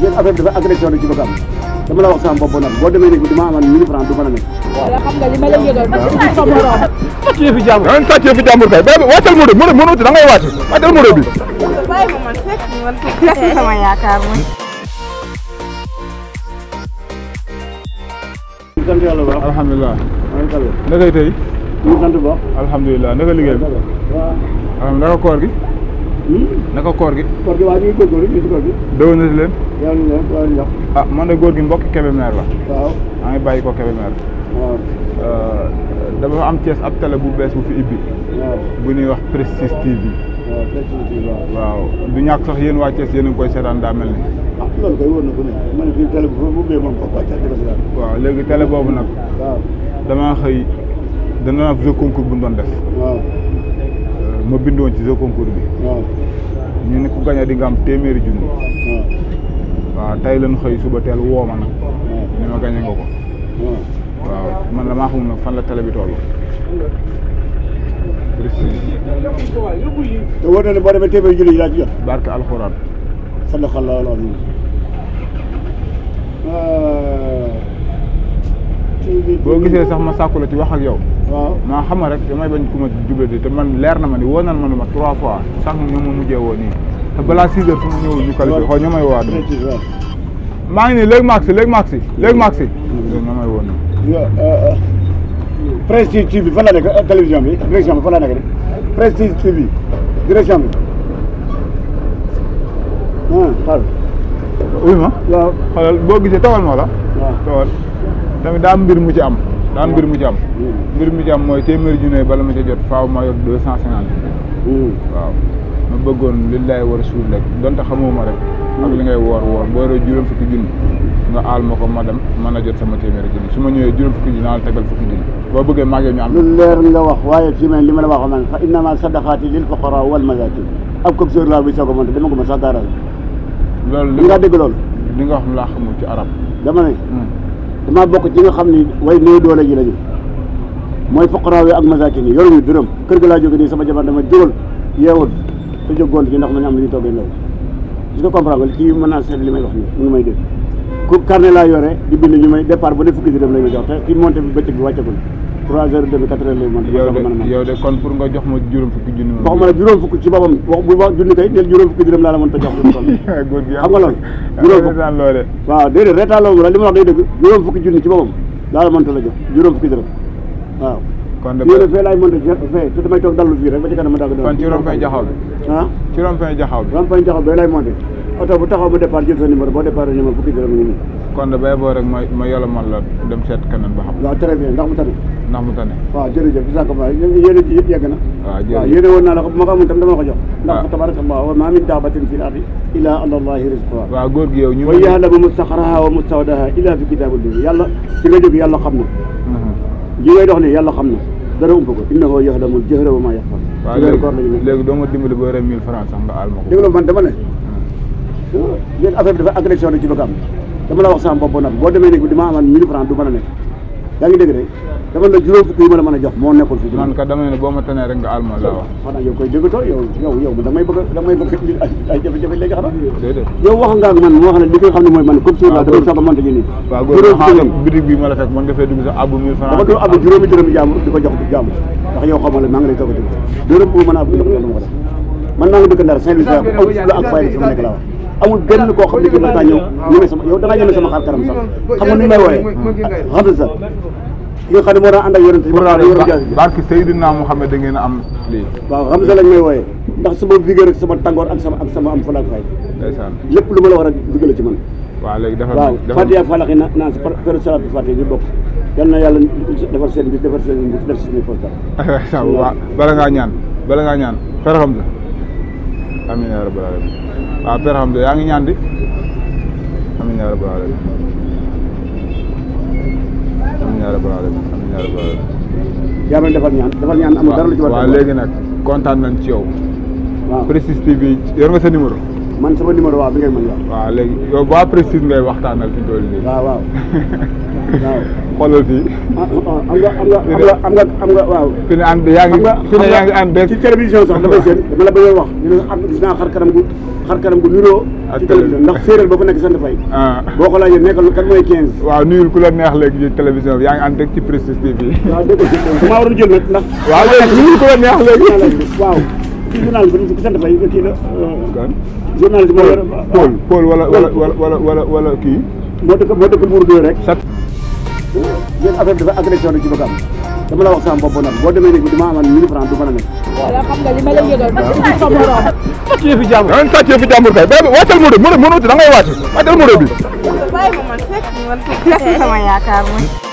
yéen affaire dafa agression rek ci bëgg am dama la wax sama bopp boo demee ni dama amoon mille francs a nekk. wala xam man sàccee fi jàmbur kay bébé wàccal mu doon mënoo da ngay wàcc wàccal mu doon bi. bàyyi ma man fekk man fekk sama yaakaar mooy. sant yàlla bu baax alhamdulilah. liggéey bi. waaw. alhamdulilah naka gi. Hmm? naka koor gi. koor leen. na leen waaw yàlla ah man de góor gi mbokk Kébémer la. waaw bàyyi ko Kébémer. waaw. Euh, dafa am cees ab tele bu bees bu fi ibbi. bu ñuy wax Prestige TV. waaw Prestige TV du ñàkk sax yéen waa Thiès yéen a ngi koy seetaan daa mel ni. Ah, waaw léegi télé boobu nag. waaw damaa xëy dana am jeu bu ñu doon def. ma bindoon ci sa concours bi. ñu ne ku gañe di nga am téeméeri junni. waaw tey lañ xëy suba teel woo ma nag. ni ma gañe nga ko. waaw man la maa nag fan la télé bi toll. te wóor na ah. boo gisee sax ma sàkku la ci wax ak yow. waaw maa xam nga rek damay bañ ku ma jublu te man leer na ma ni woo nan ma ne ma trois fois sax ñu ma mujjee woo nii te balaa six heures fu mu ñëwul ñu qualifié xool ñoo may woo Adama maa ngi nii léegi maag si léegi maag si léegi maag si ñoo euh, euh, euh, bi direction bi fan la nekk de Prestige direction bi ah oui ma boo gisee tawal moo la tawal tamit daa mbir mu ci am daa mbir mu jam mbir mu jam moy témer ju junne bala ma ca jot faaw ma yor 250 waaw ma bëggoon lillahi wa suul rek donte xamuma rek. ak li ngay wor wor bo yoree juróom fukki jinn nga al mako ko ma dem mën jot sama témer jinn suma ñëwé juróom fukki jinn al tagal tegal fukki junni boo bëggee màggee ñu am. lu leer nga wax waye ci man li ma la wax man fa inna ma sadaqati lil fuqara wal masaakiin ab ko sur la bi sa ko man dama ko ma sa dara loolu li nga dégg loolu. li nga wax la xamul ci arab dama ne. damaa bokk ci nga xam ni way néew doole ji lañu mooy foqaraaw yi ak masaakin yi yoruñu dërëm kër ga laa jóge nii sama jabar dama jural yeewul te jógoon gi ndax ma ñu am li ñu toggee ndaw su ko comprendre nga ci mën naa seet li may wax nii mënu may dégg ku carnet laa yore di bind ñu may départ bu ne fukki dërëm lañ ma jox te ci monté bi bëccëg bi wàccagul trois heures de bi quatre heures lay mën yow de kon pour nga jox ma juróom fukki junni moom waxuma la juróom fukki ci boppam wax bu wax junni kay del juróom fukki dërëm laa la mën ta jox kon xam nga loolu juróom fukki waaw déedéet reetaan loolu la li ma wax day dëgg juróom fukki junni ci boppam laa la mën ta la jox juróom fukki dërëm waaw kon de yéen a fee laay mën a fee te damay toog dallu fii rek ba ci kanam ma dagg kon ci rompañ jaxaw bi ah ci rompañ jaxaw bi rompañ jaxaw bi laay monté oto bu taxaw ba départ jël sa numéro boo départ numéro fukki dërëm ngi nii kon de bay boo rek ma ma yolomal la dem seet keneen ba xam waaw très bien ndax mu tamit ndax mu tane waaw jërëjëf bi sàko ba yéene ji yëpp yegg na ah, waaw yéene woon naa la ko bu ma ko amoon tam dama la ko jox ndax ah. tabarakallah wa ma min daabatin fi l ardi illa ala allahi rizquha waaw góor gi yow ñu wa ya'lamu mustaqarraha wa mustawdaha illa fi kitabillah yàlla ci nga jóg yàlla xam na mhm. li ngay dox ne yàlla xam na dara ump ko innahu ya'lamul jahra wa ma yaxfa waaw léegi doo ma dimbali boo yoree mille francs sax nga aal ma ko dégg man dama ne hmm. yéen affaire bi dafa agression boo demee ne dima amal mille francs du a yaa ngi dégg de dama la juróom fukk yi la mën a jox moo nekkul fii. man wax. yow yow yow yow bëgg ay jafe-jafe léegi xanaa. yow wax nga man moo xam ne li xam ne mooy man comme sur la damay soog a monté ñu nii. waaw góor xam bitig bi ma la nga fee dugg sax abbu mille francs. dama doon abbu juróomi yow xamal maa ngi lay soog a dégg dërëm bu ma mën a amul benn koo xam ne gën na taa ñëw ñeme sama yow da ngaa ñeme sama xar kanam sax xam nga ni may wooyee xam nga sax ki nga xam ne moo daan ànd ak yonent yi barke a am lii waaw ndax sama vigueur ak sama tàngoor ak sama ak am falaak fay lépp lu ma la war a digal ci man waaw léegi dafa waaw Fatiha falaxi na naan période salaat bi Fatiha ñu bokk yal na yàlla defar seen bi defar seen bi def si suñu fos dara bala ngaa ñaan bala ngaa ñaan xer xam sa amiin yaa rabbal alamin waaw Père yaa ngi ñaan di amiin yaa rabbal alamin amiin yaa rabbal alamin amiin yaa rabbal alamin yaa léegi nag kontaan nañ ci yow. waaw Prestige TV nga sa numéro. man sama numéro waaw bi ngeen a. waaw léegi yow waa Prestige ngay waxtaanal fi tool nii. waaw ah, ah, ah, am nga am nga nga am nga waaw. fi ne ànd yaa ngi fi ne yaa ngi ànd ci télévision sax dafay seen dama la bëggoon wax ñu ne am gis naa xar kanam gu xar kanam gu niroo. ci télévision ndax séeréer boo fa nekk sant fay. waaw nuyul ku neex léegi ci télévision yaa ngi ànd rek ci Prestige TV. waaw dëgg waaw léegi nuyul ku la neex waaw. kii journaliste bi ku sant Faye kii la. Euh, journaliste moo yor euh, Paul Paul wala wala wala wala wala kii. moo dëkk moo dëkk Mbour Dóor rek. yéen affaire bi dafa agression ci bëgg am dama la wax sama bopp nag boo demee léegi damaa amal mille francs du mën a nekk. waaw xam nga li ma la yëgal. waaw sàccee fi jàmbur. da ngeen sàccee fi jàmbur kay bee wàccal moto bi moto bi da ngay wàcc wàccal moto bi. bàyyi ma man fekk man sama yaakaar mooy.